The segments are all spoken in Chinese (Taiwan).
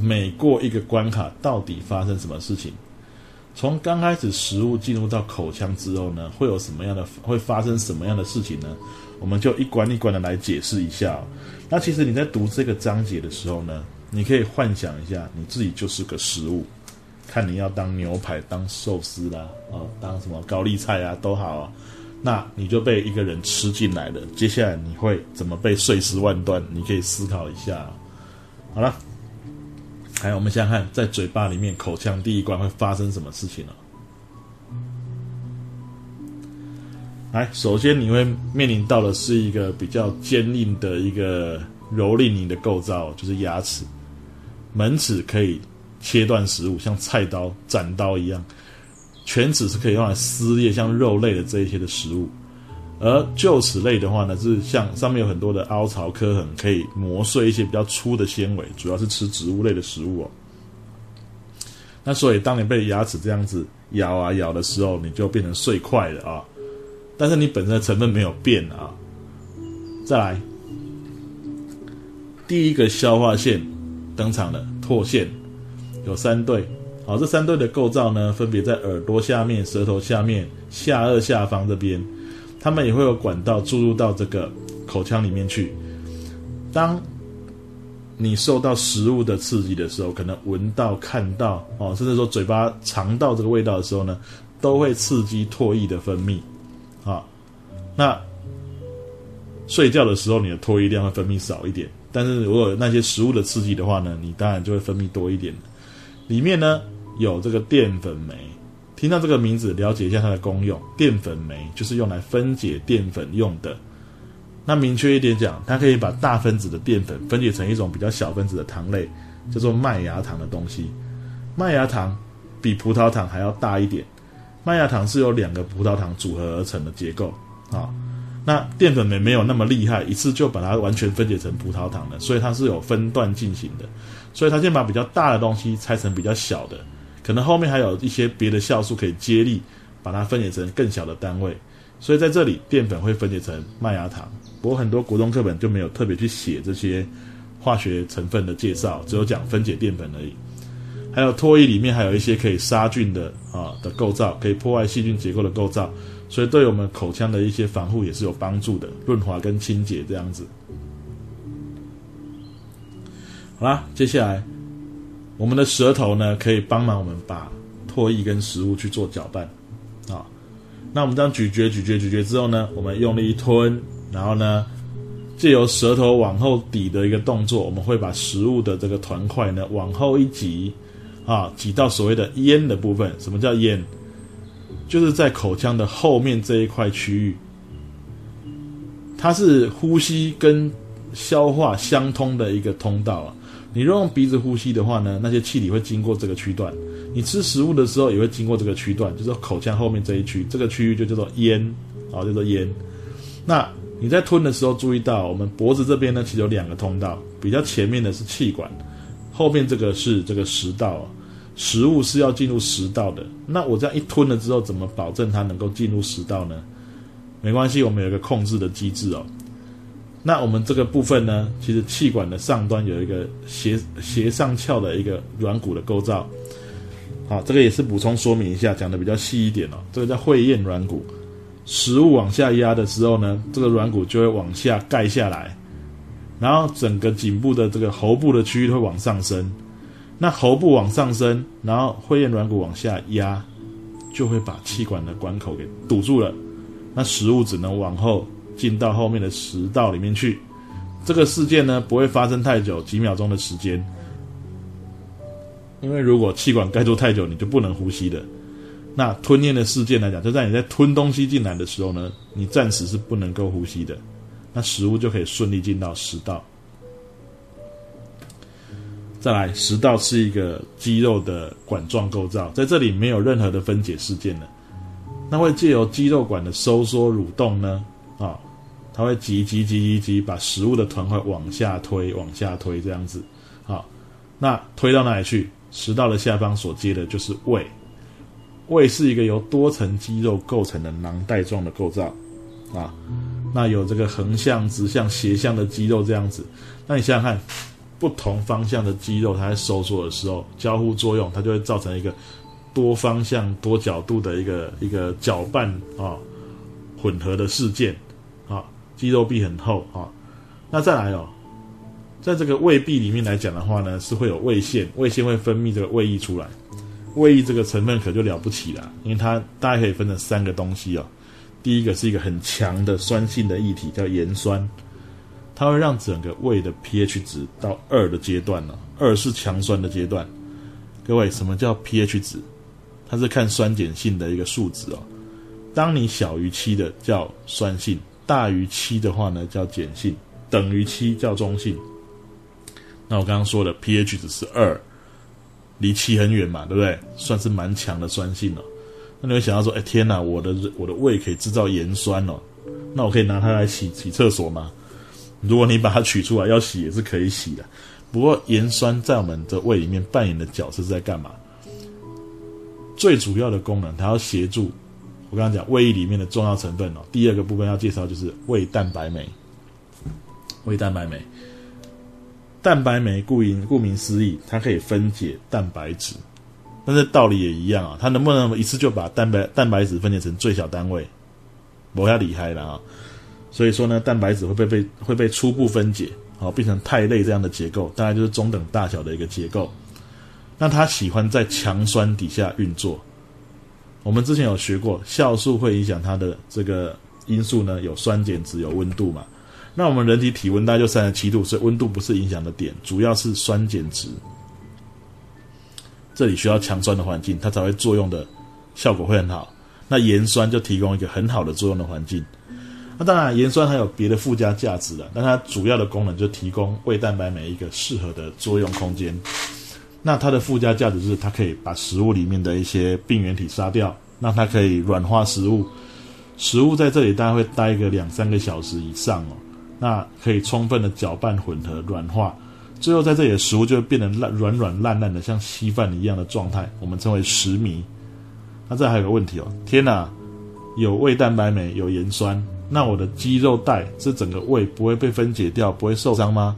每過一個關卡，到底發生什麼事情？從剛開始食物進入到口腔之後呢，會有什麼樣的會發生什麼樣的事情呢？我們就一關一關的來解釋一下哦。那其實你在讀這個章節的時候呢，你可以幻想一下，你自己就是個食物，看你要當牛排、當壽司啦，哦，當什麼高麗菜啊都好哦，那你就被一個人吃進來了。接下來你會怎麼被碎屍萬段？你可以思考一下哦。好了。來，我們先看在嘴巴裡面，口腔第一關會發生什麼事情了、啊？來，首先你會面臨到的是一個比較堅硬的一個蹂躪你的構造，就是牙齒。門齒可以切斷食物，像菜刀、斬刀一樣；犬齒是可以用來撕裂像肉類的這一些的食物。而臼齒類的話呢，是像上面有很多的凹槽、磕痕，可以磨碎一些比較粗的纖維，主要是吃植物類的食物哦。那所以，當你被牙齒這樣子咬啊咬的時候，你就變成碎塊了啊、哦。但是你本身的成分沒有變啊。再來，第一個消化腺登場的唾腺有三對。好、哦，這三對的構造呢，分別在耳朵下面、舌頭下面、下顎下方這邊。他們也會有管道注入到這個口腔裡面去。當你受到食物的刺激的時候，可能聞到、看到哦，甚至說嘴巴嘗到這個味道的時候呢，都會刺激唾液的分泌啊。那睡覺的時候，你的唾液量會分泌少一點，但是如果有那些食物的刺激的話呢，你當然就會分泌多一點。裡面呢有這個澱粉酶。聽到這個名字，了解一下它的功用。澱粉酶就是用來分解澱粉用的。那明確一點講，它可以把大分子的澱粉分解成一種比較小分子的糖類，叫做麥芽糖的東西。麥芽糖比葡萄糖還要大一點。麥芽糖是由兩個葡萄糖組合而成的結構啊。那澱粉酶沒有那麼厲害，一次就把它完全分解成葡萄糖了，所以它是有分段進行的。所以它先把比較大的東西拆成比較小的。可能後面還有一些別的酵素可以接力，把它分解成更小的單位。所以在這裡，澱粉會分解成麥芽糖。不過很多國中課本就沒有特別去寫這些化學成分的介紹，只有講分解澱粉而已。還有唾液裡面還有一些可以殺菌的啊的構造，可以破壞細菌結構的構造，所以對我們口腔的一些防護也是有幫助的，潤滑跟清潔這樣子。好啦，接下來。我們的舌頭呢，可以幫忙我們把唾液跟食物去做攪拌，啊，那我們這樣咀嚼、咀嚼、咀嚼之後呢，我們用力一吞，然後呢，借由舌頭往後抵的一個動作，我們會把食物的這個團塊呢往後一擠，啊，擠到所謂的咽的部分。什麼叫咽？就是在口腔的後面這一塊區域，它是呼吸跟消化相通的一個通道你如果用鼻子呼吸的話呢，那些氣體會經過這個區段。你吃食物的時候也會經過這個區段，就是口腔後面這一區，這個區域就叫做咽，啊、哦，叫做咽。那你在吞的時候，注意到我們脖子這邊呢，其實有兩個通道，比較前面的是氣管，後面這個是這個食道、哦，食物是要進入食道的。那我這樣一吞了之後，怎麼保證它能夠進入食道呢？沒關係，我們有一個控制的機制哦。那我們這個部分呢，其實氣管的上端有一個斜斜上翹的一個軟骨的構造，好，這個也是補充說明一下，講的比較細一點哦。這個叫會厭軟骨，食物往下壓的時候呢，這個軟骨就會往下蓋下來，然後整個頸部的這個喉部的區域會往上升。那喉部往上升，然後會厭軟骨往下壓，就會把氣管的管口給堵住了，那食物只能往後。進到後面的食道裡面去，這個事件呢，不會發生太久，幾秒鐘的時間，因為如果氣管蓋住太久，你就不能呼吸了。那吞咽的事件來講，就在你在吞東西進來的時候呢，你暫時是不能夠呼吸的。那食物就可以順利進到食道。再來，食道是一個肌肉的管狀構造，在這裡沒有任何的分解事件了，那會借由肌肉管的收縮蠕動呢，啊、哦。它會擠擠擠擠擠，把食物的團塊往下推，往下推，這樣子。好，那推到哪裡去？食道的下方所接的就是胃。胃是一個由多層肌肉構成的囊袋狀的構造。啊，那有這個橫向、直向、斜向的肌肉這樣子。那你想想看，不同方向的肌肉它在收縮的時候，交互作用，它就會造成一個多方向、多角度的一個一個攪拌啊，混合的事件。肌肉壁很厚啊、哦，那再來哦，在這個胃壁裡面來講的話呢，是會有胃腺，胃腺會分泌這個胃液出來。胃液這個成分可就了不起了，因為它大概可以分成三個東西哦。第一個是一個很強的酸性的液體，叫鹽酸，它會讓整個胃的 pH 值到二的階段呢、哦，二是強酸的階段。各位，什麼叫 pH 值？它是看酸鹼性的一個數值哦。當你小於七的叫酸性。大於七的話呢，叫鹼性；等於七叫中性。那我剛剛說的 pH 值是二，離七很遠嘛，對不對？算是蠻強的酸性哦。那你會想到說，哎，天哪，我的我的胃可以製造鹽酸哦，那我可以拿它來洗洗廁所嗎？如果你把它取出來要洗也是可以洗的。不過鹽酸在我們的胃裡面扮演的角色是在幹嘛？最主要的功能，它要協助。我剛剛講胃液裡面的重要成分哦，第二個部分要介紹就是胃蛋白酶。胃蛋白酶，蛋白酶顧名顧名思義，它可以分解蛋白質。但是道理也一樣啊，它能不能一次就把蛋白蛋白質分解成最小單位？不太厲害了啊。所以說呢，蛋白質會被被會被初步分解，好變成肽類這樣的結構，大概就是中等大小的一個結構。那它喜歡在強酸底下運作。我們之前有學過，酵素會影響它的這個因素呢，有酸鹼值、有溫度嘛。那我們人體體溫大概就三十七度，所以溫度不是影響的點，主要是酸鹼值。這裡需要強酸的環境，它才會作用的效果會很好。那鹽酸就提供一個很好的作用的環境。那當然，鹽酸還有別的附加價值的，但它主要的功能就提供胃蛋白酶一個適合的作用空間。那它的附加價值是，它可以把食物裡面的一些病原體殺掉，那它可以軟化食物。食物在這裡大概會待個兩三個小時以上哦，那可以充分的攪拌混合軟化，最後在這裡的食物就會變得爛軟軟爛爛的，像稀飯一樣的狀態，我們稱為食糜。那這還有個問題哦，天哪、啊，有胃蛋白酶，有鹽酸，那我的肌肉袋，這整個胃不會被分解掉，不會受傷嗎？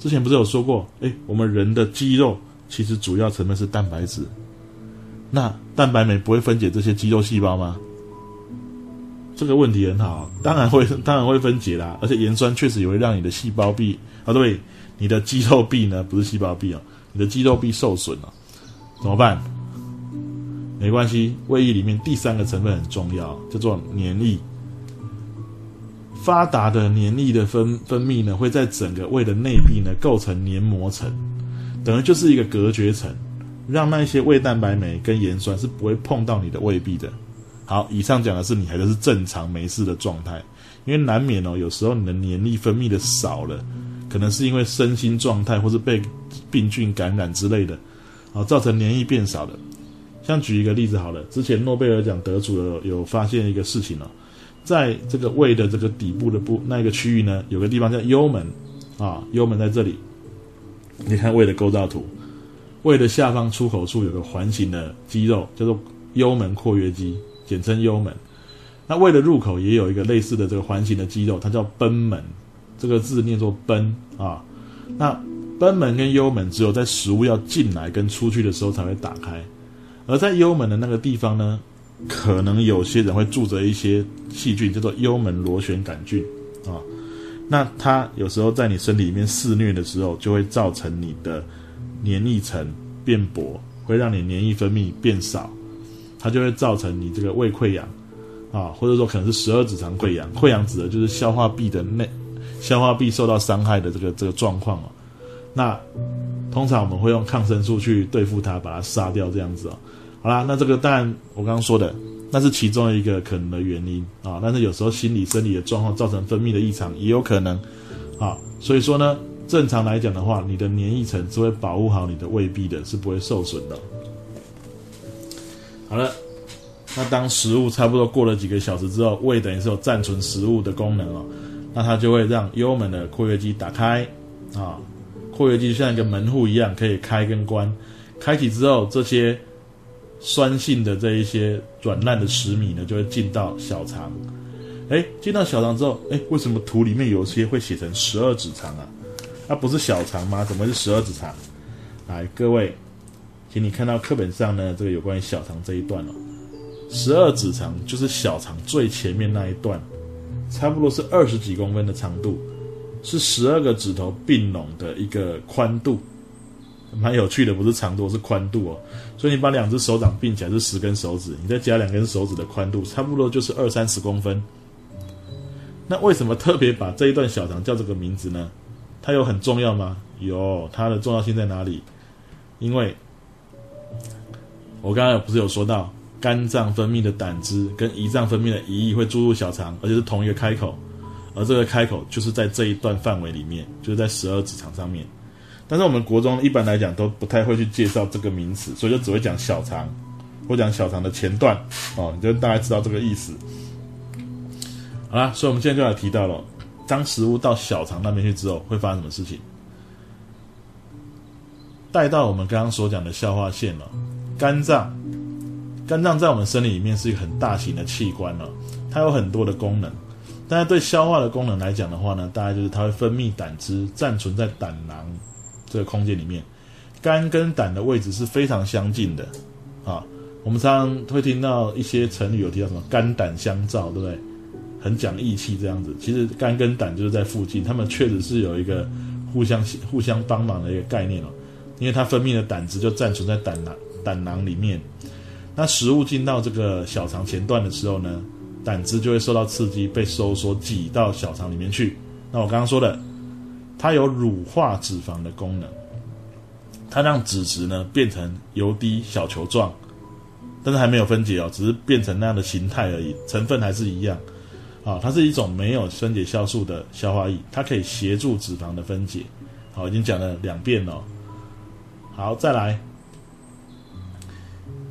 之前不是有說過，誒、欸，我們人的肌肉。其實主要成分是蛋白質，那蛋白酶，不會分解這些肌肉細胞嗎？這個問題很好，當然會，當然會分解啦。而且鹽酸確實也會讓你的細胞壁啊，對，你的肌肉壁呢，不是細胞壁哦，你的肌肉壁受損了哦，怎麼辦？沒關係，胃液裡面第三個成分很重要，叫做黏液。發達的黏液的分分泌呢，會在整個胃的內壁呢構成粘膜層。等於就是一個隔絕層，讓那些胃蛋白酶跟鹽酸是不會碰到你的胃壁的。好，以上講的是你還都是正常沒事的狀態，因為難免哦，有時候你的黏液分泌的少了，可能是因為身心狀態，或是被病菌感染之類的，好，哦，造成黏液變少的。像舉一個例子好了，之前諾貝爾獎得主有有發現一個事情哦，在這個胃的這個底部的部那個區域呢，有個地方叫幽門啊，幽門在這裡。你看胃的構造圖，胃的下方出口處有個環形的肌肉，叫做幽門括約肌，簡稱幽門。那胃的入口也有一個類似的這個環形的肌肉，它叫賁門。這個字念作賁啊。那賁門跟幽門只有在食物要進來跟出去的時候才會打開，而在幽門的那個地方呢，可能有些人會住着一些細菌，叫做幽門螺旋桿菌啊。那它有時候在你身體裡面肆虐的時候，就會造成你的粘液層變薄，會讓你粘液分泌變少，它就會造成你這個胃潰瘍，啊，或者說可能是十二指腸潰瘍，潰瘍指的就是消化壁的內，消化壁受到傷害的這個這個狀況哦。那通常我們會用抗生素去對付它，把它殺掉這樣子哦、啊。好啦，那這個當然我剛剛說的。那是其中一個可能的原因啊，但是有時候心理生理的狀況造成分泌的異常也有可能，啊，所以說呢，正常來講的話，你的粘液層是會保護好你的胃壁的，是不會受損的。好了，那當食物差不多過了幾個小時之後，胃等於是有暫存食物的功能哦，那它就會讓幽門的括約肌打開，啊，括約肌像一個門戶一樣可以開跟關，開啟之後這些。酸性的這一些軟爛的食糜呢，就會進到小腸。哎、欸，進到小腸之後，哎、欸，為什麼圖裡面有些會寫成十二指腸啊？那、啊、不是小腸嗎？怎麼會是十二指腸？來，各位，請你看到課本上呢，這個有關於小腸這一段哦。十二指腸就是小腸最前面那一段，差不多是二十幾公分的長度，是十二個指頭併攏的一個寬度。蠻有趣的，不是長度，是寬度哦。所以你把兩隻手掌併起來是十根手指，你再加兩根手指的寬度，差不多就是二三十公分。那為什麼特別把這一段小腸叫這個名字呢？它有很重要嗎？有，它的重要性在哪裡？因為，我剛剛不是有說到肝臟分泌的膽汁跟胰臟分泌的胰液會注入小腸，而且是同一個開口，而這個開口就是在這一段範圍裡面，就是在十二指腸上面。但是我們國中一般來講都不太會去介紹這個名詞，所以就只會講小腸，或講小腸的前段哦，你就大概知道這個意思。好啦，所以我們現在就來提到了，當食物到小腸那邊去之後，會發生什麼事情？帶到我們剛剛所講的消化腺了，肝臟。肝臟在我們生理裡面是一個很大型的器官了，它有很多的功能，但是對消化的功能來講的話呢，大概就是它會分泌膽汁，暫存在膽囊。這個空間裡面，肝跟膽的位置是非常相近的，啊，我們常常會聽到一些成語有提到什麼肝膽相照，對不對？很講義氣這樣子。其實肝跟膽就是在附近，他們確實是有一個互相互相幫忙的一個概念哦。因為它分泌的膽汁就暫存在膽囊膽囊裡面，那食物進到這個小腸前段的時候呢，膽汁就會受到刺激被收縮擠到小腸裡面去。那我剛剛說的。它有乳化脂肪的功能，它讓脂質呢變成油滴小球狀，但是還沒有分解哦，只是變成那樣的形態而已，成分還是一樣。啊、哦，它是一種沒有分解酵素的消化液，它可以協助脂肪的分解。好、哦，已經講了兩遍哦。好，再來，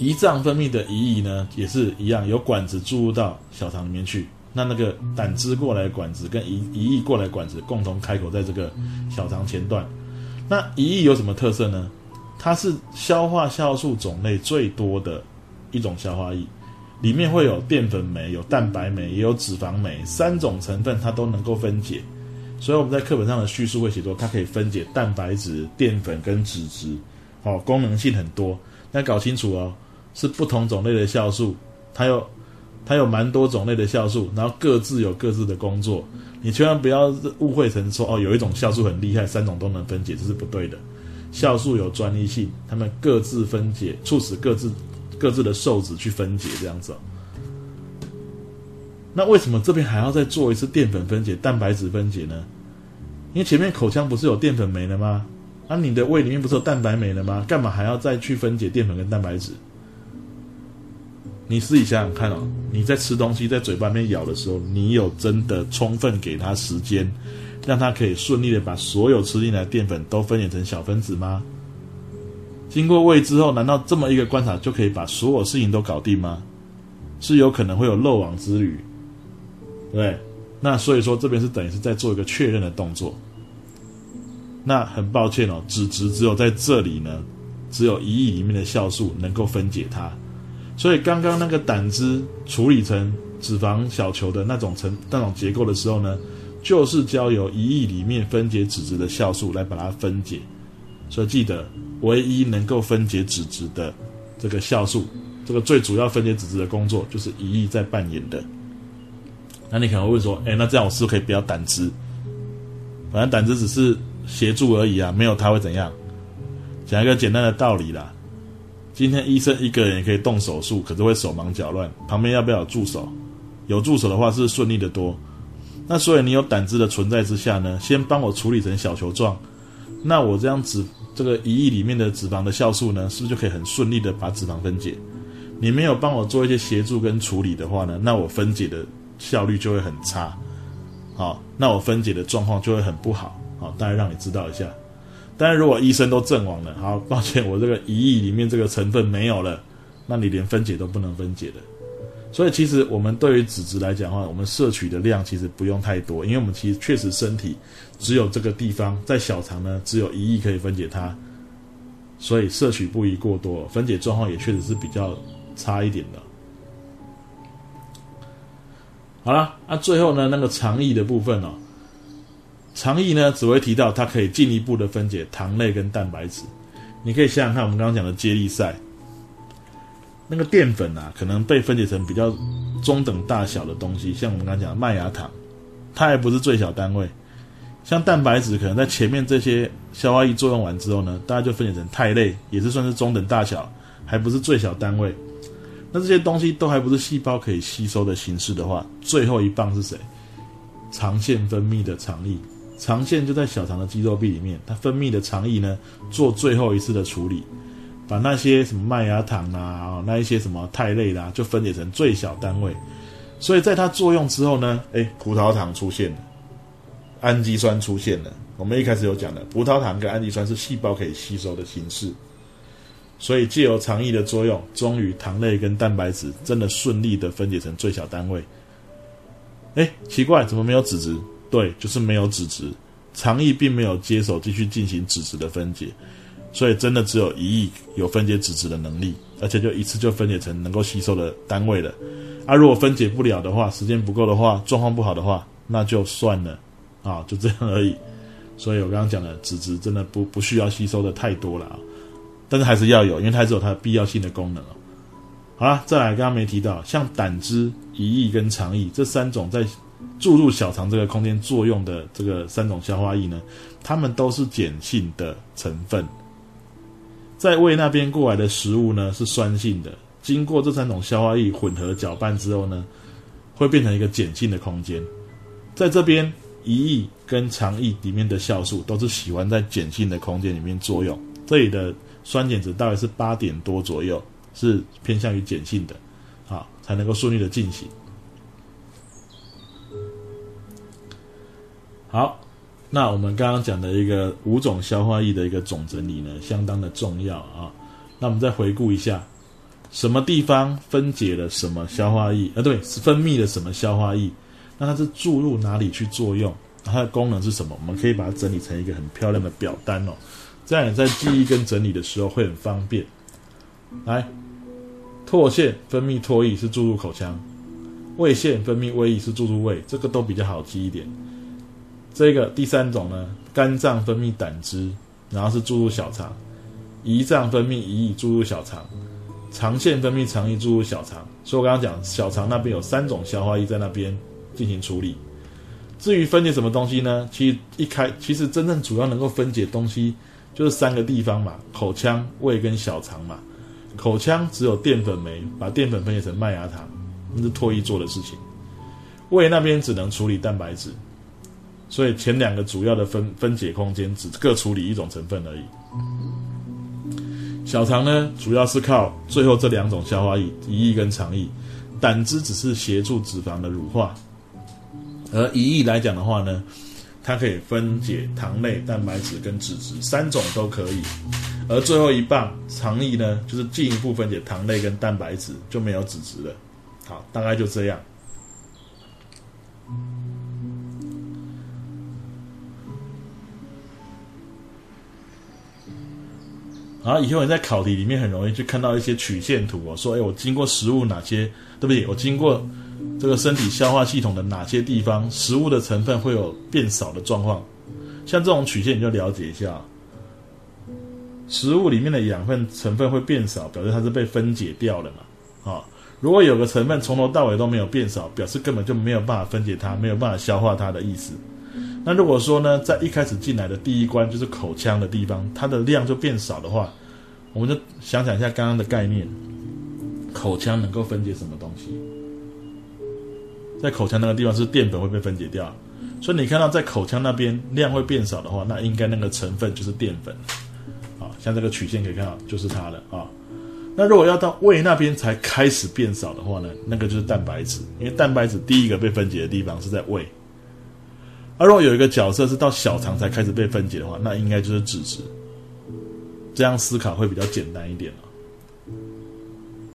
胰臟分泌的胰液呢也是一樣，由管子注入到小腸裡面去。那那個膽汁過來管子跟胰胰液過來管子共同開口在這個小腸前段。那胰液有什麼特色呢？它是消化酵素種類最多的一種消化液，裡面會有澱粉酶、有蛋白酶、也有脂肪酶，三種成分，它都能夠分解。所以我們在課本上的敘述會寫說，它可以分解蛋白質、澱粉跟脂質，好、哦，功能性很多。那搞清楚哦，是不同種類的酵素，它有。它有蠻多種類的酵素，然後各自有各自的工作，你千萬不要誤會成說哦，有一種酵素很厲害，三種都能分解，這是不對的。酵素有專一性，它們各自分解，促使各自各自的受質去分解這樣子，哦。那為什麼這邊還要再做一次澱粉分解、蛋白質分解呢？因為前面口腔不是有澱粉酶了嗎？啊，你的胃裡面不是有蛋白酶了嗎？幹嘛還要再去分解澱粉跟蛋白質？你自己想想看哦，你在吃東西在嘴巴裡面咬的時候，你有真的充分給他時間，讓他可以順利的把所有吃進來的澱粉都分解成小分子嗎？經過胃之後，難道這麼一個觀察就可以把所有事情都搞定嗎？是有可能會有漏網之魚，對？那所以說這邊是等於是在做一個確認的動作。那很抱歉哦，脂質只，只有在這裡呢，只有胰液裡面的酵素能夠分解它。所以剛剛那個膽汁處理成脂肪小球的那種成，那種結構的時候呢，就是交由胰液裡面分解脂質的酵素來把它分解。所以記得，唯一能夠分解脂質的這個酵素，這個最主要分解脂質的工作，就是胰液在扮演的。那你可能會說，哎，那這樣我是不是可以不要膽汁？反正膽汁只是協助而已啊，沒有它會怎樣？講一個簡單的道理啦。今天醫生一個人也可以動手術，可是會手忙腳亂。旁邊要不要有助手？有助手的話是順利的多。那所以你有膽汁的存在之下呢，先幫我處理成小球狀。那我這樣子這個胰液裡面的脂肪的酵素呢，是不是就可以很順利的把脂肪分解？你沒有幫我做一些協助跟處理的話呢，那我分解的效率就會很差。好，那我分解的狀況就會很不好。好，大概讓你知道一下。當然如果醫生都陣亡了，好抱歉，我這個胰液裡面這個成分沒有了，那你連分解都不能分解了。所以，其實我們對於脂質來講的話，我們攝取的量其實不用太多，因為我們其實確實身體只有這個地方，在小腸呢，只有胰液可以分解它，所以攝取不宜過多，分解狀況也確實是比較差一點的。好了，那、啊、最後呢，那個腸液的部分呢、哦？腸液呢，只會提到它可以進一步的分解糖類跟蛋白質。你可以想想看，我們剛剛講的接力賽，那個澱粉啊，可能被分解成比較中等大小的東西，像我們剛剛講的麥芽糖，它還不是最小單位。像蛋白質，可能在前面這些消化液作用完之後呢，大家就分解成肽類，也是算是中等大小，還不是最小單位。那這些東西都還不是細胞可以吸收的形式的話，最後一棒是誰？腸腺分泌的腸液。腸腺就在小腸的肌肉壁裡面，它分泌的腸液呢，做最後一次的處理，把那些什麼麥芽糖啊，那一些什麼肽類啦、啊，就分解成最小單位。所以在它作用之後呢，哎、欸，葡萄糖出現了，氨基酸出現了。我們一開始有講的，葡萄糖跟氨基酸是細胞可以吸收的形式，所以借由腸液的作用，終於糖類跟蛋白質真的順利的分解成最小單位。哎、欸，奇怪，怎麼沒有脂質？對，就是沒有脂質，腸液並沒有接手繼續進行脂質的分解，所以真的只有胰液有分解脂質的能力，而且就一次就分解成能夠吸收的單位了。啊，如果分解不了的話，時間不夠的話，狀況不好的話，那就算了啊，就這樣而已。所以我剛剛講的脂質真的不不需要吸收的太多了啊，但是還是要有，因為它還是有它的必要性的功能。好了，再來，剛剛沒提到，像膽汁、胰液跟腸液這三種在。注入小腸這個空間作用的這個三種消化液呢，它們都是鹼性的成分。在胃那邊過來的食物呢，是酸性的，經過這三種消化液混合攪拌之後呢，會變成一個鹼性的空間。在這邊胰液跟腸液裡面的酵素都是喜歡在鹼性的空間裡面作用。這裡的酸鹼值大概是八點多左右，是偏向於鹼性的，啊才能夠順利的進行。好，那我們剛剛講的一個五種消化液的一個總整理呢，相當的重要啊。那我們再回顧一下，什麼地方分解了什麼消化液？啊、呃、對，是分泌了什麼消化液？那它是注入哪裡去作用？它的功能是什麼？我們可以把它整理成一個很漂亮的表單哦，這樣你在記憶跟整理的時候會很方便。來，唾腺分泌唾液是注入口腔，胃腺分泌胃液是注入胃，這個都比較好記一點。這個第三種呢，肝臟分泌膽汁，然後是注入小腸；胰臟分泌胰液注入小腸；腸腺分泌腸液注入小腸。所以我剛剛講，小腸那邊有三種消化液在那邊進行處理。至於分解什麼東西呢？其實一開，其實真正主要能夠分解東西就是三個地方嘛：口腔、胃跟小腸嘛。口腔只有澱粉酶把澱粉分解成麥芽糖，那是唾液做的事情。胃那邊只能處理蛋白質。所以前兩個主要的分分解空間只各處理一種成分而已。小腸呢，主要是靠最後這兩種消化液——胰液跟腸液。膽汁只是協助脂肪的乳化，而胰液來講的話呢，它可以分解糖類、蛋白質跟脂質三種都可以。而最後一棒腸液呢，就是進一步分解糖類跟蛋白質，就沒有脂質了。好，大概就這樣。然後以後你在考題裡面很容易去看到一些曲線圖我、哦，說哎，我經過食物哪些，對不對？我經過這個身體消化系統的哪些地方，食物的成分會有變少的狀況，像這種曲線你就了解一下、哦。食物裡面的養分成分會變少，表示它是被分解掉的嘛？啊、哦，如果有個成分從頭到尾都沒有變少，表示根本就沒有辦法分解它，沒有辦法消化它的意思。那如果說呢，在一開始進來的第一關就是口腔的地方，它的量就變少的話，我們就想想一下剛剛的概念，口腔能夠分解什麼東西？在口腔那個地方是澱粉會被分解掉，所以你看到在口腔那邊量會變少的話，那應該那個成分就是澱粉。啊、哦，像這個曲線可以看到就是它的啊、哦。那如果要到胃那邊才開始變少的話呢，那個就是蛋白質，因為蛋白質第一個被分解的地方是在胃。而、啊、若有一個角色是到小腸才開始被分解的話，那應該就是脂質。這樣思考會比較簡單一點了、啊。